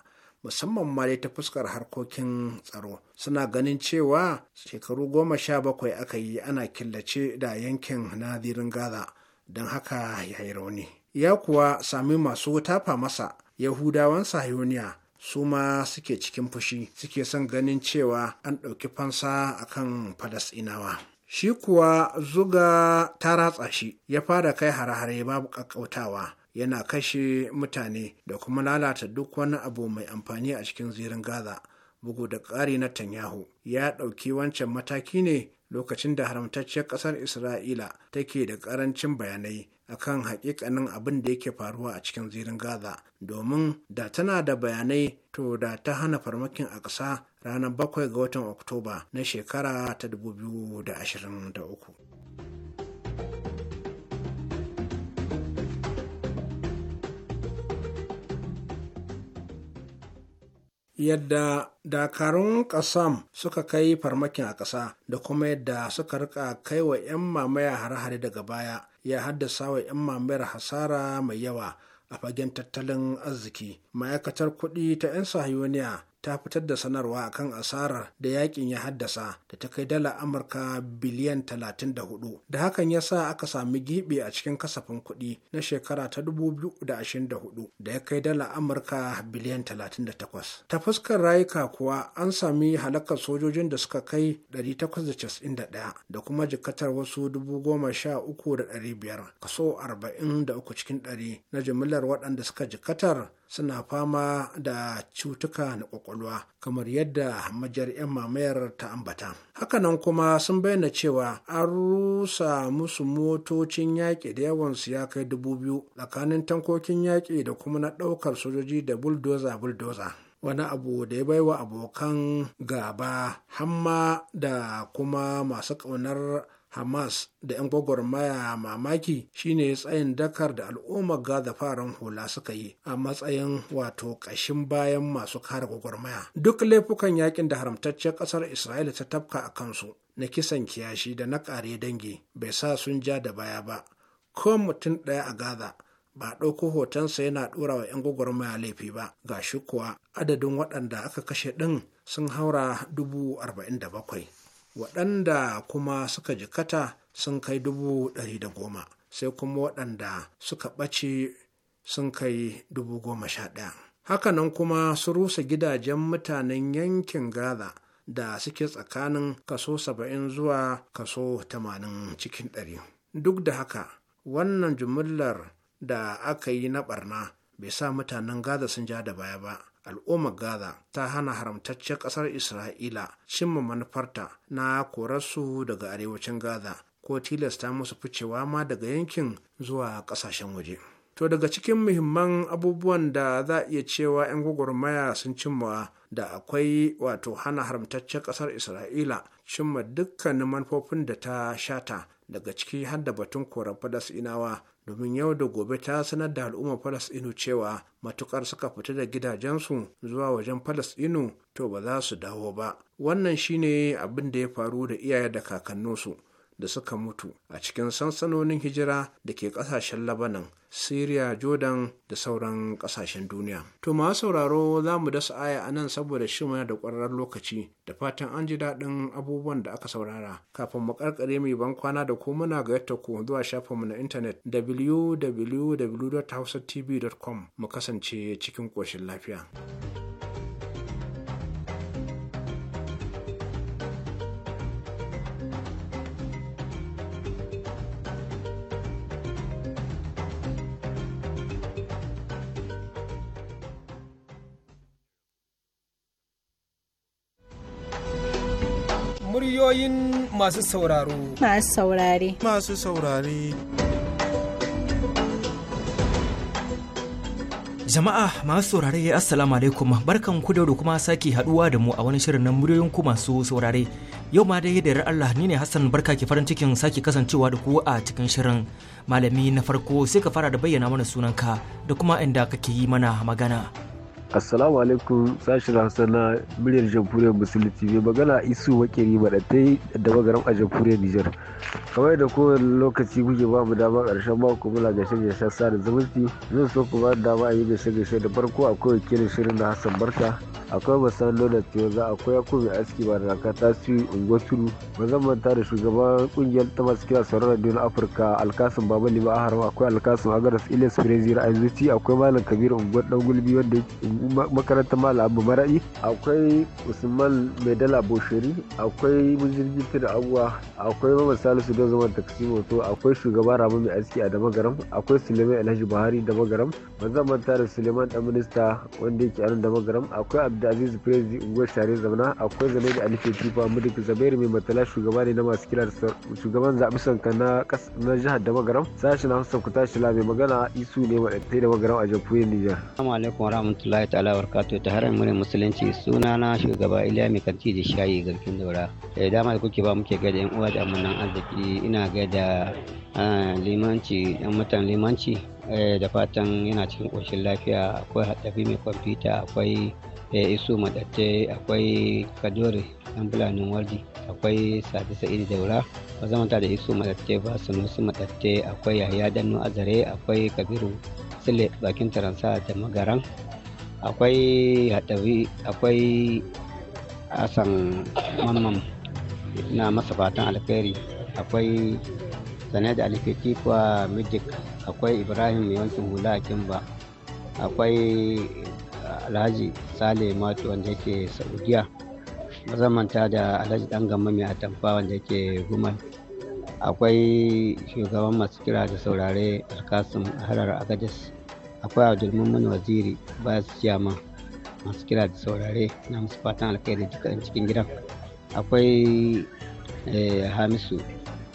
musamman ma ta fuskar harkokin tsaro suna ganin cewa shekaru goma sha bakwai aka yi ana killace da yankin nadirin gaza don haka ya yi rauni ya kuwa sami masu tafa masa yahudawan sahiyoniya su ma suke cikin fushi suke son ganin cewa an ɗauki fansa akan falasɗinawa shi kuwa zuga ta ratsa shi ya fara kai hare babu ƙaƙƙautawa yana kashe mutane da kuma lalata duk wani abu mai amfani a cikin zirin gaza bugu da ƙari na tanyahu ya ɗauki wancan mataki ne lokacin da haramtacciyar ƙasar isra'ila take da ƙarancin bayanai akan hakikanin abin da yake faruwa a cikin zirin gaza domin da tana da bayanai to da ta hana farmakin a ƙasa ranar 7 ga watan oktoba na shekara ta 2023 yadda dakarun kasam suka kai farmakin a ƙasa da kuma yadda suka rika kai wa 'yan mamaya hare-hare daga baya ya haddasa wa 'yan mamayar hasara mai yawa a fagen tattalin arziki ma'aikatar kuɗi ta 'yan sahiyoniya ta fitar da sanarwa a kan asarar da yakin ya haddasa da ta kai dala amurka biliyan 34 da hakan ya sa aka sami giɓi a cikin kasafin kuɗi na shekara ta 2024 da ya kai dala amurka biliyan 38 ta fuskar rayuka kuwa an sami halakar sojojin da suka kai 891 da kuma jikatar wasu 13,500 kaso 43 cikin 100 na jimillar waɗanda suka jikatar suna fama da cutuka na kwakwalwa kamar yadda majar 'yan mamayar ta ambata hakanan kuma sun bayyana cewa an rusa musu motocin yaƙi da yawan su ya kai dubu biyu tsakanin tankokin yaƙi da kuma na ɗaukar sojoji da buldoza buldoza wani abu da ya bai wa abokan gaba hamma da kuma masu ƙaunar hamas da 'yan gwagwarmaya mamaki shine tsayin dakar da al'ummar gaza faran hula suka yi a matsayin wato ƙashin bayan masu kare gwagwarmaya duk laifukan yakin da haramtaccen ƙasar isra'ila ta tafka a kansu na kisan kiyashi da na kare dangi bai sa sun ja da baya ba ko mutum ɗaya a gaza ba ɗauko hotonsa yana ɗora wa 'yan gwagwarmaya laifi ba ga shi kuwa adadin waɗanda aka kashe ɗin sun haura dubu arba'in da bakwai waɗanda kuma suka jikata sun kai dubu ɗari da goma sai kuma waɗanda suka ɓace sun kai dubu goma sha ɗaya hakanan kuma su rusa gidajen mutanen yankin gaza da suke tsakanin kaso saba'in zuwa kaso tamanin cikin ɗari duk da haka wannan jumillar da aka yi na ɓarna, bai sa mutanen gaza sun ja da baya ba al'ummar gaza ta hana haramtaccen ƙasar isra'ila cimma manufarta na korarsu daga arewacin gaza ko tilasta musu ficewa ma daga yankin zuwa ƙasashen waje to daga cikin muhimman abubuwan da za iya cewa 'yan gwagwarmaya sun cimma da akwai wato hana haramtaccen ƙasar isra'ila cimma dukkanin manufofin da ta shata daga ciki har da batun korar fadas inawa domin yau da gobe ta sanar da al'ummar falasɗinu cewa matukar suka fita da gidajensu zuwa wajen falasɗinu to ba za su dawo ba wannan shine abin da ya faru da iyaye da kakanninsu da suka mutu a cikin sansanonin hijira da ke ƙasashen Labanan, Syria, Jordan da sauran ƙasashen duniya. To ma sauraro za mu dasa aya a nan saboda shi da ƙwararren lokaci da fatan an ji daɗin abubuwan da aka saurara. Kafin mu ƙarƙare mai ban kwana da ko muna ga yadda ku zuwa shafinmu na intanet www.hausatv.com mu kasance cikin ƙoshin lafiya. ra'ayoyin masu sauraro. Masu saurare. Masu saurare. Jama'a masu saurare Assalamu alaikum barkan ku da kuma sake haduwa da mu a wani shirin na muryoyin ku masu saurare. Yau ma dai da Allah ni ne Hassan barka ke farin cikin sake kasancewa da ku a cikin shirin. Malami na farko sai ka fara da bayyana mana sunanka da kuma inda kake yi mana magana. assalamu alaikum sashen hausa na muryar jamhuriyar musulunci mai magana isu wakiri madatai da magaram a jamhuriyar nijar kamar da kowane lokaci kuke ba mu dama ƙarshen mako muna gashe sa sada zumunci zan so ku ba da dama a yi gashe gashe da farko akwai wakilin shirin na hassan barka akwai masan lona tiyoza akwai yakubu mai aski ba da raka tasiri unguwar tudu ba manta da shugaban kungiyar ta masu kira sauran radiyon afirka alkasim baba lima aharwa akwai alkasun agaras ilis firezi ra'ayin zuci akwai malam kabiru unguwar dan gulbi wanda makarantar malam abu akwai usman mai dala bosheri akwai mujirgi da abuwa akwai mama salisu don zaman taksi moto akwai shugaba ramu mai aski a damagaram akwai suleiman alhaji buhari damagaram ba zan manta da suleiman dan minista wanda yake anan damagaram akwai abdulaziz firezi unguwar share zamana akwai zanaidi alife tifa mudik zabairu mai matala shugaba ne na masu kira shugaban zaɓi sanka na jihar damagaram sashen hausa ku tashi mai magana isu ne dama garam a jamhuriyar nijar. Assalamu alaikum rahmatullahi ta'ala barkatu ta harin murin musulunci suna na shugaba Iliya mai kanti da shayi garkin daura da dama da kuke ba muke gaida yan uwa da nan arziki ina gaida limanci yan mutan limanci eh, da fatan yana cikin ƙoshin lafiya akwai haɗafi mai kwamfuta akwai eh, isu madatte akwai kadori yan fulanin wardi akwai sadi sa'id daura ba zamanta da isu madatte ba sanusi madatte akwai yahaya a azare akwai kabiru sile bakin taransa da magaran akwai haɗari akwai asan mamman na masa fatan alkhairi akwai sanar da alifiti kuwa midik akwai ibrahim mai wankin hula a kimba akwai ah, alhaji sale mato wanda yake saudiya mazamanta da alhaji dan gama mai atamfa wanda yake gumal akwai shugaban masu kira da saurare alkasim harar agadis akwai mana waziri ba su jama masu kira da saurare na musu fatan alkhairi duka cikin gidan akwai eh, hamisu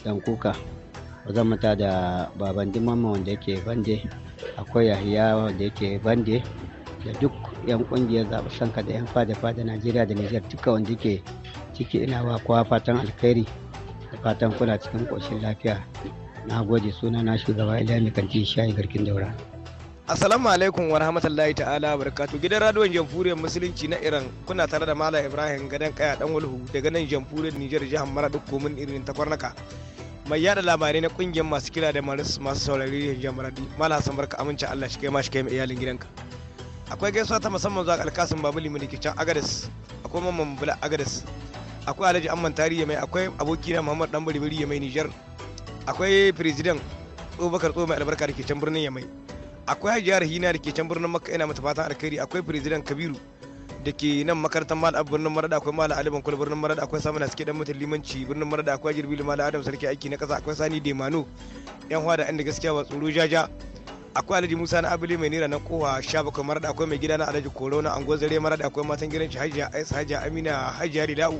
dan kuka zan mata da baban dimamma wanda yake bande akwai yahiya wanda yake bande da duk yan kungiyar zaɓen da yan fada fada najeriya da nijar duka wanda yake ciki ina ba kowa fatan alkhairi da fatan kuna cikin ƙoshin lafiya na gode suna na shugaba ilami kanti shayi garkin daura Assalamu alaikum wa rahmatullahi ta'ala barakatuh. gidan Radio jamhuriyar musulunci na Iran kuna tare da Malam Ibrahim gadan kaya dan walhu daga nan jamhuriyar Nijar jihar Maradu komin irin ta kwarnaka mai yada labarai na kungiyar masu kira da maris masu saurari jihar Maradu. Malam Hassan barka amince Allah shi kai ma shi kai iyalin gidanka akwai gaisuwa ta musamman zuwa alkasin babuli mai can Agadis akwai mamman bula Agadis akwai Alhaji Amman Tariya mai akwai abokina Muhammad Dan Bulibiri mai Nijar akwai president Abubakar Tsoma albarka da ke can birnin Yamai akwai hajiya rahina da ke can birnin makka ina mata fatan alkhairi akwai president kabiru da ke nan makarantar mal birnin marada akwai mala ali kwal birnin marada akwai samun suke dan mutan limanci birnin marada akwai jirbilu mala adam sarki aiki na kasa akwai sani demano yan hwa da inda gaskiya ba tsoro jaja akwai alhaji musa na abule mai nira na kowa sha bakwai marada akwai mai gida na alhaji korona angon zare marada akwai matan gidan shi hajiya aisa hajiya amina hajiya rida'u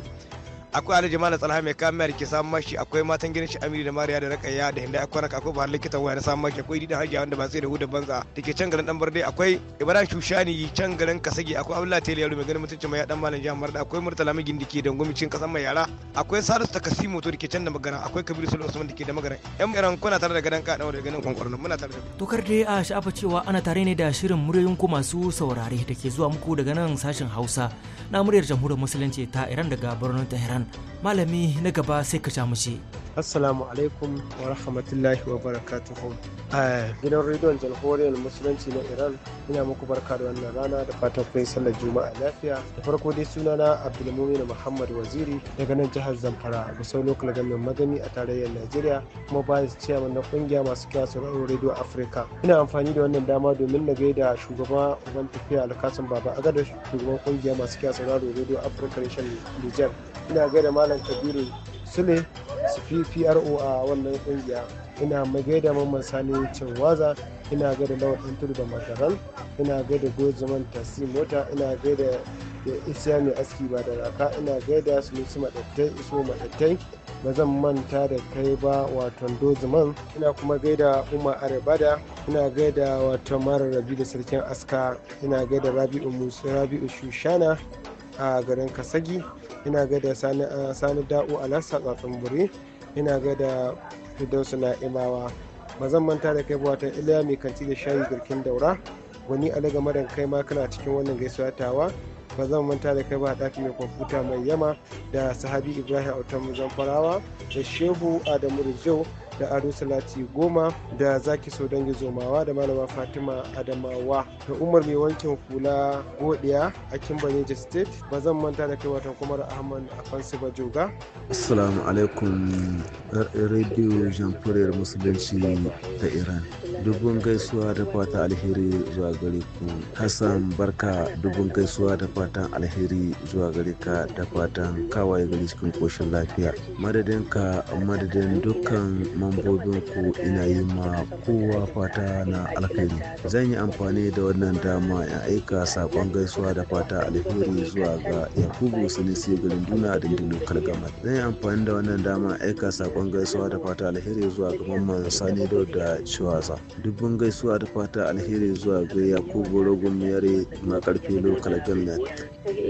akwai alhaji malam tsalha mai kamar ke samun mashi akwai matan gidan shi amiri da mariya da rakaya da hinda akwai raka akwai bahar likita waya na samun mashi akwai dida hajiya wanda ba sai da hudu banza da ke can garin dan barde akwai ibrahim shushani can garin kasage akwai abdullahi tele yaro mai ganin mutuncin mai dan malam jihar marda akwai murtala migin da ke dangwami cikin kasan mai yara akwai salisu takasimu to da ke can da magana akwai kabiru sulu usman da ke da magana yan garan kuna tare da gadan kaɗan da ganin kwankwarno muna tare da to dai a sha'afa cewa ana tare ne da shirin muryoyin ku masu saurare da ke zuwa muku daga nan sashen hausa na muryar jamhuriyar musulunci ta iran daga birnin tehran Hassan malami na gaba sai ka sha mushe. Assalamu alaikum wa rahmatullahi wa barakatuhu. Eh, gidan rediyon jamhuriyar musulunci na Iran ina muku barka da wannan rana da fatan kun sallar juma'a lafiya. Da farko dai sunana Abdulmumin Muhammad Waziri daga nan jihar Zamfara a Gusau Local Government Magani a tarayyar Najeriya kuma bayan chairman na kungiya masu kira sauraron rediyo Afirka. Ina amfani da wannan dama domin na gaida shugaba uban tafiya Alkasim Baba Agadar shugaban kungiya masu kira sauraron rediyo Africa Nation Niger. Ina gaida malam kabiru sule su fi pro a wannan kungiya ina mai gaida mamman sani waza. ina gaida lawan tudu da makaran ina gaida gojiman tasi mota ina gaida da isya mai aski ba da raka ina gaida su musu madattai iso madattai ba zan manta da kai ba waton dozuman ina kuma gaida umar arabada. ina gaida wato mara rabi da sarkin aska ina gaida rabi'u musa rabi'u shushana a garin kasagi ina da sani da'u lasa tsatsin buri ina da fidansu na imawa ba zan manta da kai buwata iliya mai kanti da shayi girkin daura wani alaga madan kai ma kana cikin wannan gaisuwa tawa ba zan manta da kai ba a ɗaki mai kwamfuta mai yama da sahabi ibrahim autan zamfarawa da shehu adamu rijau da ado salati goma da zaki so dangi zomawa da malama fatima adamawa da umar mai wankin hula godiya a kimbaneja state ba zan manta da kai watan kuma da ahmad ba joga assalamu alaikum radio jamhuriyar musulunci ta iran dubun gaisuwa da fatan alheri zuwa gare ku hassan barka dubun gaisuwa da fatan alheri zuwa gare ka da fatan kawai gari cikin koshin lafiya madadin ka madadin dukkan mambobin ku ina yi ma kowa fata na alkhairi zan yi amfani da wannan dama ya aika sakon gaisuwa da fata alheri zuwa ga yakubu sinisi garin duna dindin lokal gama zan yi amfani da wannan dama aika sakon gaisuwa da fata alheri zuwa ga mamman sani da ciwaza dubban gaisuwa da fata alheri zuwa ga yakubu rogon yare karfe lokal government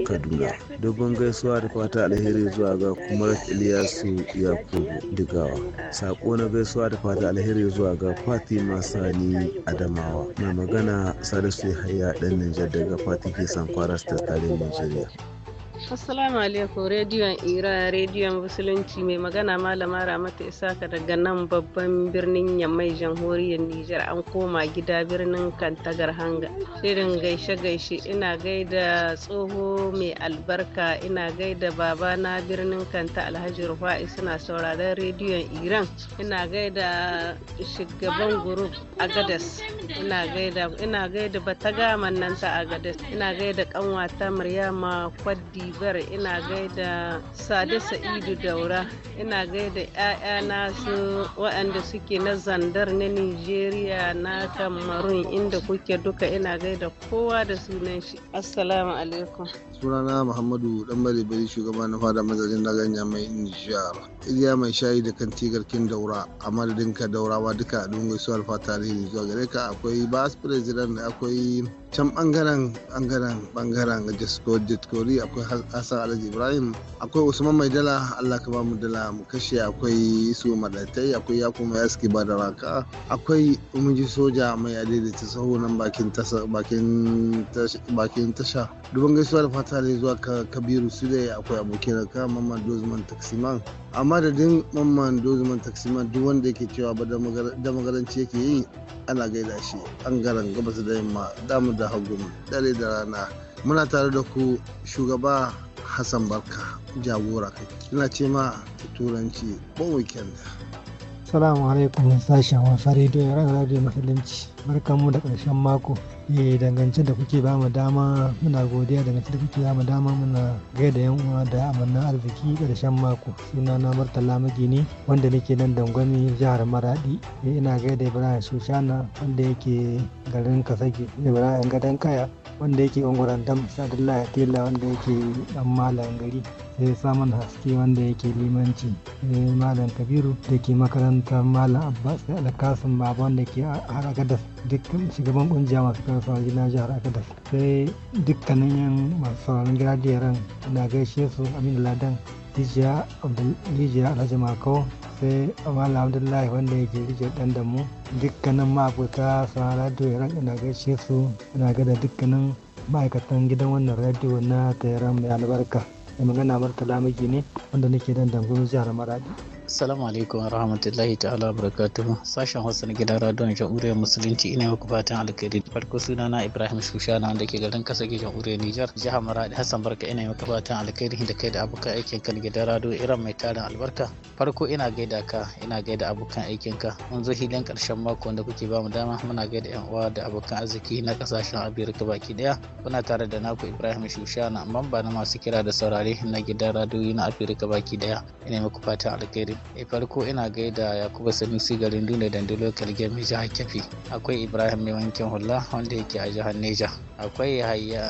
kaduna dubban gaisuwa da fata alheri zuwa ga kumar iliyasu yakubu digawa sako na gaisuwa da fata alheri zuwa ga fatima sani adamawa mai magana salisu haya dan nijar daga fati ke sankwara state tarin nigeria Assalamu alaikum rediyon Ira rediyon Musulunci mai magana malama Ramata Isaka daga nan babban birnin Yammai jamhuriyar Nijar an koma gida birnin Kantagar Hanga. Shirin gaishe gaishe ina gaida tsoho mai albarka ina gaida baba na birnin Kanta Alhaji Rufai suna sauraron rediyon Iran ina gaida shugaban group Agadas ina gaida ina gaida gama nan ta Agadas ina gaida kanwata Maryama Kwaddi Nijar ina gaida Sade Sa'idu Daura ina gaida 'ya'yana su waɗanda suke na zandar na Nijeriya na Kamarun inda kuke duka ina gaida kowa da sunan shi. Assalamu alaikum. sunana muhammadu dan bari shugaba na fada mazajin na ganya mai nijar iliya mai shayi da kan tigarkin daura a madadin ka daurawa duka a dungun su alfa tarihi zuwa gare ka akwai bas president akwai can bangaren bangaren bangaren Jesco jitkori akwai hassan alhaji ibrahim akwai usman mai dala allah ka bamu dala mu kashe akwai su madatai akwai yaku mai aski ba da raka akwai muji soja mai adaidaita sahu nan bakin tasha duban gaisuwa da fata ne zuwa ka kabiru su da akwai abokin raka mamman dozman taksiman amma da din mamman dozman taksiman duk wanda yake cewa ba da magaranci yake yi ana gaida shi an garan gabas da yamma damu da hagu dare da rana muna tare da ku shugaba hassan barka jagora kai ina ce ma turanci bon weekend salamu alaikum sashen wasa rediyo radio musulunci barkanmu da karshen mako Eh, dangance da kuke ba mu dama muna godiya dangance da kuke ba mu dama muna gaida yan uwa da amannin arziki karshen mako suna na martala magini wanda nake nan dangwami jihar maradi eh, ina gaida ibrahim Sushana wanda yake garin kasage ibrahim gadon kaya wanda yake unguran dam ya tela wanda yake dan malam gari sai eh, samun haske wanda yake limanci malam kabiru da ke makarantar malam abbas da alkasin baba wanda ke haraka dukkan shugaban kungiya masu kan sauran gida jihar Agadez sai dukkanin yan masu sauran gida jeran na gaishe su Aminu Ladan dijiya Rijiya Alhaji Mako sai Amala Abdullahi wanda ya yake Rijiyar Dan Damu dukkanin ma'abota sauran radio ranka ina gaishe su ina gada dukkanin ma'aikatan gidan wannan radio na tayaran mai albarka. da magana martala magi ne wanda nake dan damu jihar maradi Assalamu alaikum rahmatullahi ta'ala barakatuhu sashen Hausa na gidan radon jamhuriyar musulunci ina muku fatan alkhairi farko suna na Ibrahim Shushana wanda ke garin kasa ke jamhuriyar Nijar jihar Maradi Hassan Barka ina muku fatan alkhairi da kai da abokan aikin kan gidan rado irin mai tarin albarka farko ina gaida ka ina gaida abokan aikin ka mun zo hilin karshen mako wanda kuke bamu dama muna gaida yan uwa da abokan arziki na kasashen Afirka baki daya kuna tare da naku Ibrahim Shushana mamba na masu kira da saurare na gidan rado na Afirka baki daya ina muku fatan alkhairi e farko ina gaida yakubu sanusi garin dune dandi local game jihar kefi akwai ibrahim mai wankin hula wanda yake a jihar neja akwai yahaya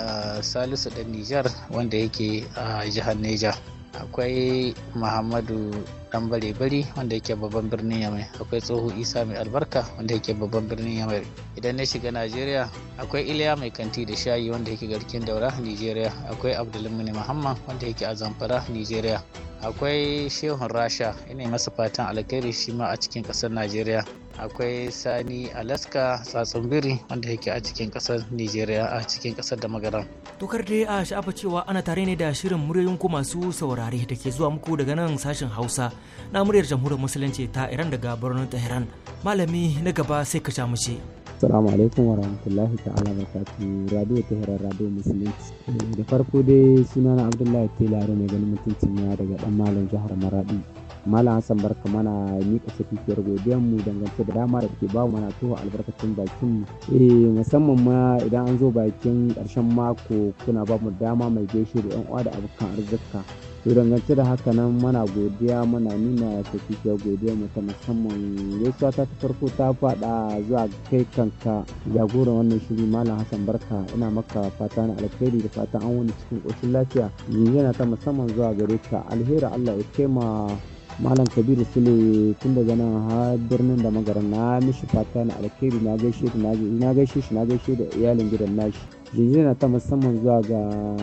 salisu da nijar wanda yake a jihar neja akwai muhammadu dan bare-bari wanda yake babban birnin yamai akwai tsoho isa mai albarka wanda yake babban birnin yamai idan na shiga najeriya akwai iliya mai kanti da shayi wanda yake garkin daura nigeria akwai abdulmuni muhammad wanda yake a zamfara nigeria akwai shehun rasha ina masa fatan alkhairi shi ma a cikin ƙasar najeriya akwai sani alaska biri wanda yake a cikin kasar nigeria a cikin kasar da magana tokar dai a sha'afa cewa ana tare ne da shirin muryoyin ku masu saurare da ke zuwa muku daga nan sashen hausa na muryar jamhuriyar musulunci ta iran daga birnin tehran malami na gaba sai ka sha mace Assalamu alaikum wa rahmatullahi ta'ala wa radio ta hirar radio musulunci. Eh, da farko dai sunana Abdullahi Tela mai ganin mutuncin ya daga dan malam jihar Maradi. malam hassan barka mana mika safikiyar godiyar mu dangance da dama da ke ba mana a albarkacin bakin mu eh musamman ma idan an zo bakin karshen mako kuna ba mu dama mai gaishe da yan uwa da abokan arzika to dangance da haka nan mana godiya muna nuna safikiyar godiya mu ta musamman gaisuwa ta ta farko ta faɗa zuwa kai kanka jagoran wannan shiri malam hassan barka ina maka fata na alkhairi da fatan. an wani cikin ƙoshin lafiya yana ta musamman zuwa gare ka alheri allah ya kai malam kabiru sule tun daga nan har birnin da magaran na mishi fata na alkhairi na gaishe shi na gaishe shi na gaishe da iyalin gidan nashi jinjina ta musamman zuwa ga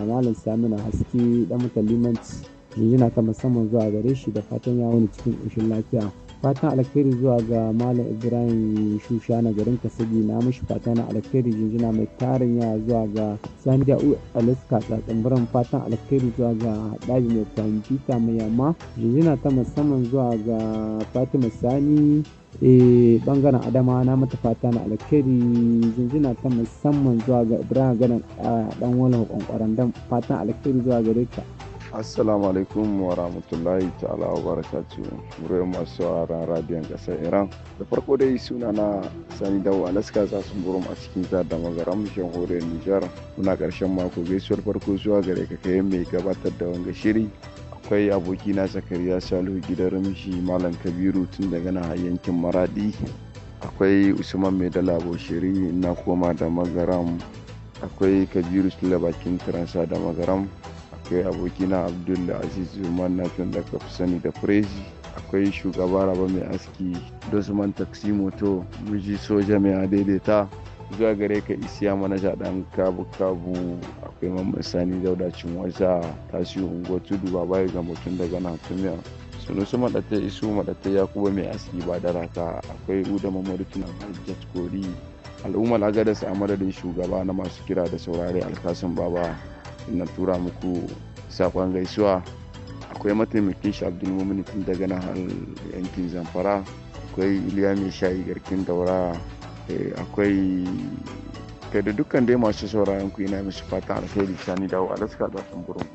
malam samina haske dan mutalimanci jinjina ta musamman zuwa gare shi da fatan ya wani cikin ƙoshin lafiya fatan alkhairi zuwa ga malam ibrahim shusha na garin kasabi na mashi fata na alkhairi jinjina mai tarin yawa zuwa ga sani da'u alaska tsatsambaran fatan alkhairi zuwa ga daji mai kwamfuta mai yamma jinjina ta musamman zuwa ga fatima sani e eh, bangaren adama na mata fata na alkhairi jinjina ta musamman zuwa ga ibrahim ganin dan wani kwankwaran fatan alkhairi zuwa ga Rika. assalamu alaikum wa rahmatullahi ta'ala wa barakatu murai masu sauraron radiyon kasar iran da farko dai suna na sani dawo alaska za su burum a cikin ta da magaram jamhuriyar nijar muna karshen mako gaisuwar farko zuwa gare ka kai mai gabatar da wanga shiri akwai abokina zakariya salihu gidan rumshi malam kabiru tun daga na yankin maradi akwai usman mai dala boshiri na koma da magaram akwai kabiru sula bakin tiransa da magaram akwai abokina abdul aziz zuman nafin da ka fi sani da prezi akwai shugaba raba mai aski dosman taxi moto miji soja mai adaidaita zuwa gare ka isiya manaja dan kabu kabu akwai mamman sani daudacin wasa tasiri unguwa tudu ba bayi ga mutum daga nan tumiya sunu su maɗata isu maɗata yakuba mai aski ba da raka akwai uda mamadu tunan hajjat kori al'ummar agadas a madadin shugaba na masu kira da saurare alkasin baba na tura muku sakon gaisuwa akwai mataimakin shi abdulmumin tun daga nan yankin zamfara akwai iliya mai shayi garkin daura eh, akwai kai da dukkan dai masu sauraron ku ina musu fatan alheri sani dawo alaska da burin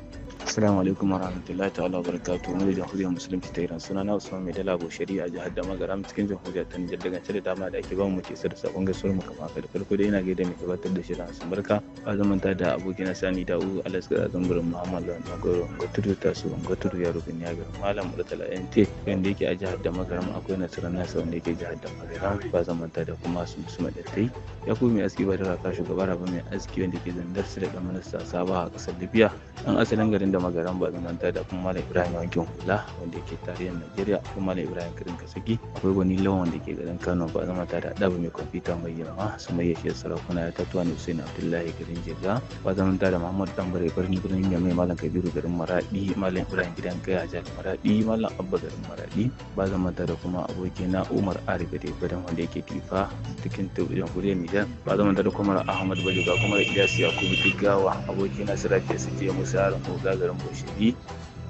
Assalamu alaikum wa rahmatullahi ta'ala wa barakatu wani da jamhuriyar musulunci ta Iran suna na Usman Mai Dala Boshari a jihar Damagaram cikin jamhuriyar ta Nijar daga cire dama da ake ba mu ke sarrafa sakon gaisuwar mu kamar haka da farko dai ina gaida mai gabatar da shirin Hassan Barka ba zaman ta da abokina Sani Da'u Alaska Zamburin Muhammad Lawan Dogoro Ngatudu Tasu ya rubin Bin Yaga Malam Murtala NT wanda yake a jihar Damagaram akwai Nasarar Nasa wanda yake jihar Damagaram ba zaman ta da kuma su musu madattai ya kuma mai aski ba da raka shugaba raba mai aski wanda ke zandar su da minista saba a kasar Libya asalin garin da magaran ba manta da kuma malam ibrahim wankin hula wanda yake tarihin najeriya akwai malam ibrahim kirin kasaki akwai gwani lawan wanda ke garin kano ba zama tare da ɗaba mai kwamfuta mai girma su mai yake sarakuna ya tattuwa ne hussein abdullahi garin jirga ba zama tare da muhammad tambare birnin birnin yamai malam kabiru garin maradi malam ibrahim gidan kai a jihar maradi malam abba garin maradi ba zama tare da kuma abokina umar ari gade gadan wanda yake tifa cikin jamhuriyar nijar ba zama tare da kuma ahmad bajoga kuma da ilyas yakubu digawa abokina sirafiya su je musa yaron ogaga garin bosheri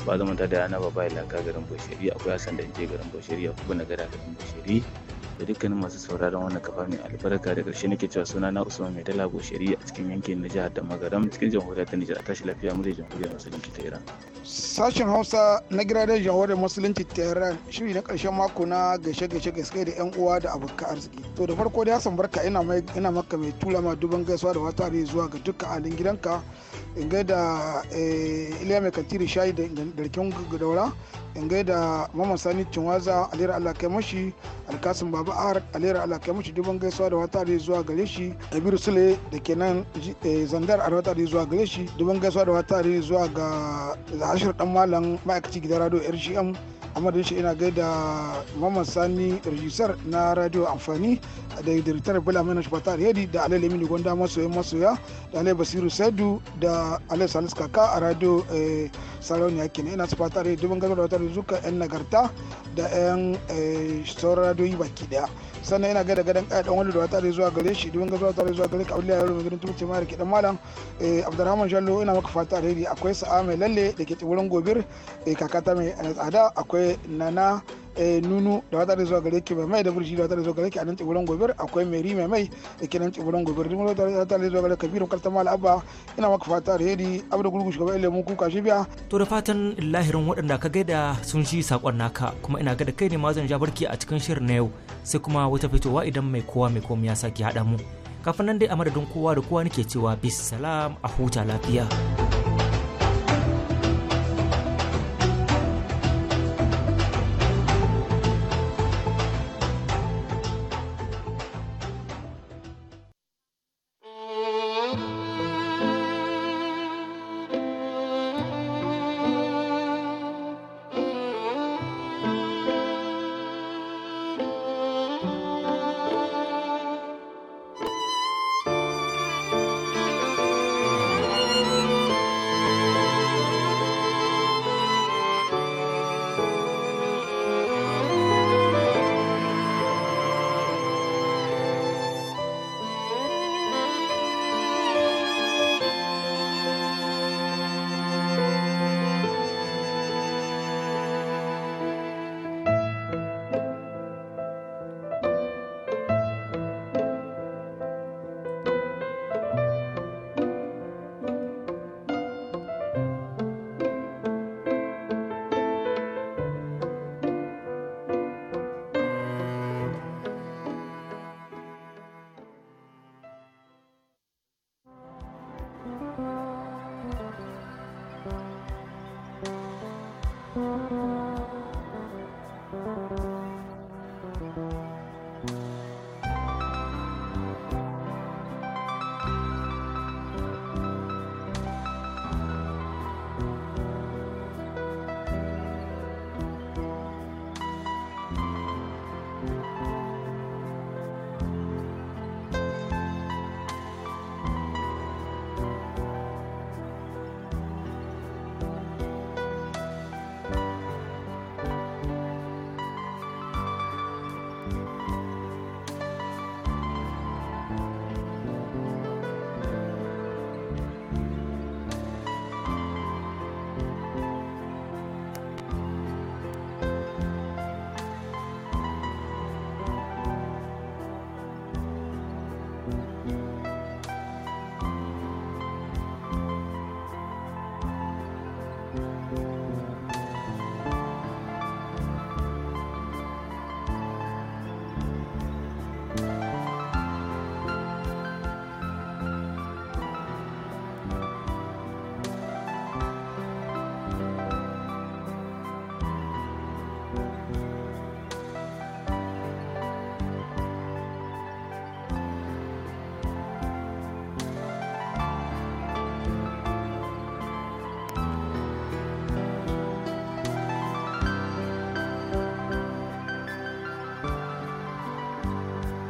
ba zama ta da na babai laka garin bosheri akwai hassan da je garin bosheri akwai bana gada garin bosheri da dukkanin masu sauraron wannan kafa mai albarka da ƙarshe nake cewa suna na usman mai dala Bosheri a cikin yankin na jihar damagaram cikin jamhuriyar ta nijar a tashi lafiya mu jamhuriyar musulunci ta iran sashen hausa na gidajen jamhuriyar musulunci ta iran shiri na karshen mako na gaishe gaishe gaske da yan uwa da abokan arziki to da farko dai hassan barka ina maka mai tula ma duban gaisuwa da wata zuwa ga dukkan alin gidanka in gaida eh, iliya mai kantiri shayi da rikin Gudaura in gaida mamman sani cinwaza alera allah kai mashi alkasin baba ahar alera allah kai mashi dubban gaisuwa da wata da zuwa gare shi abiru sule da ke nan eh, zandar a wata da zuwa gare shi dubban gaisuwa da wata da zuwa ga zahashir dan malam ma'aikaci gidan radio rgm amma shi ina gaida mamman sani rajisar na radio amfani da diritar bala mai na yadi da alalemi ne gwanda masoya masoya da alai basiru saidu da magana alai kaka a radio eh, sarauniya kenan ina su fata da dubin gazar da wata zuka yan nagarta da yan eh, sauran radiyoyi baki daya sannan ina gada gadan kaya dan wani da wata zuwa gare shi dubin gazar da wata zuwa gare ka abdullahi yaro mai gidan tubuce mara kidan malam eh, abdurrahman jallo ina maka fata alheri akwai sa'a mai lalle da ke tsibirin gobir kakata mai tsada akwai nana Eh, nunu da wata da zuwa gare ki mai mai da burshi da wata da zuwa gare ki a nan tsibirin gobir akwai meri mai mai da ke nan tsibirin gobir duk da wata da zuwa gare kalta mala abba ina maka fata da yadi abu da gurgu ilai mun kuka shi biya. to da fatan lahirin waɗanda ka gaida sun shi saƙon naka kuma ina ga da kai ne ma zan ja barki a cikin shirin na yau sai kuma wata fitowa idan mai kowa mai komai ya sake haɗa mu kafin nan dai a madadin kowa da kowa nake cewa bisalam a huta lafiya.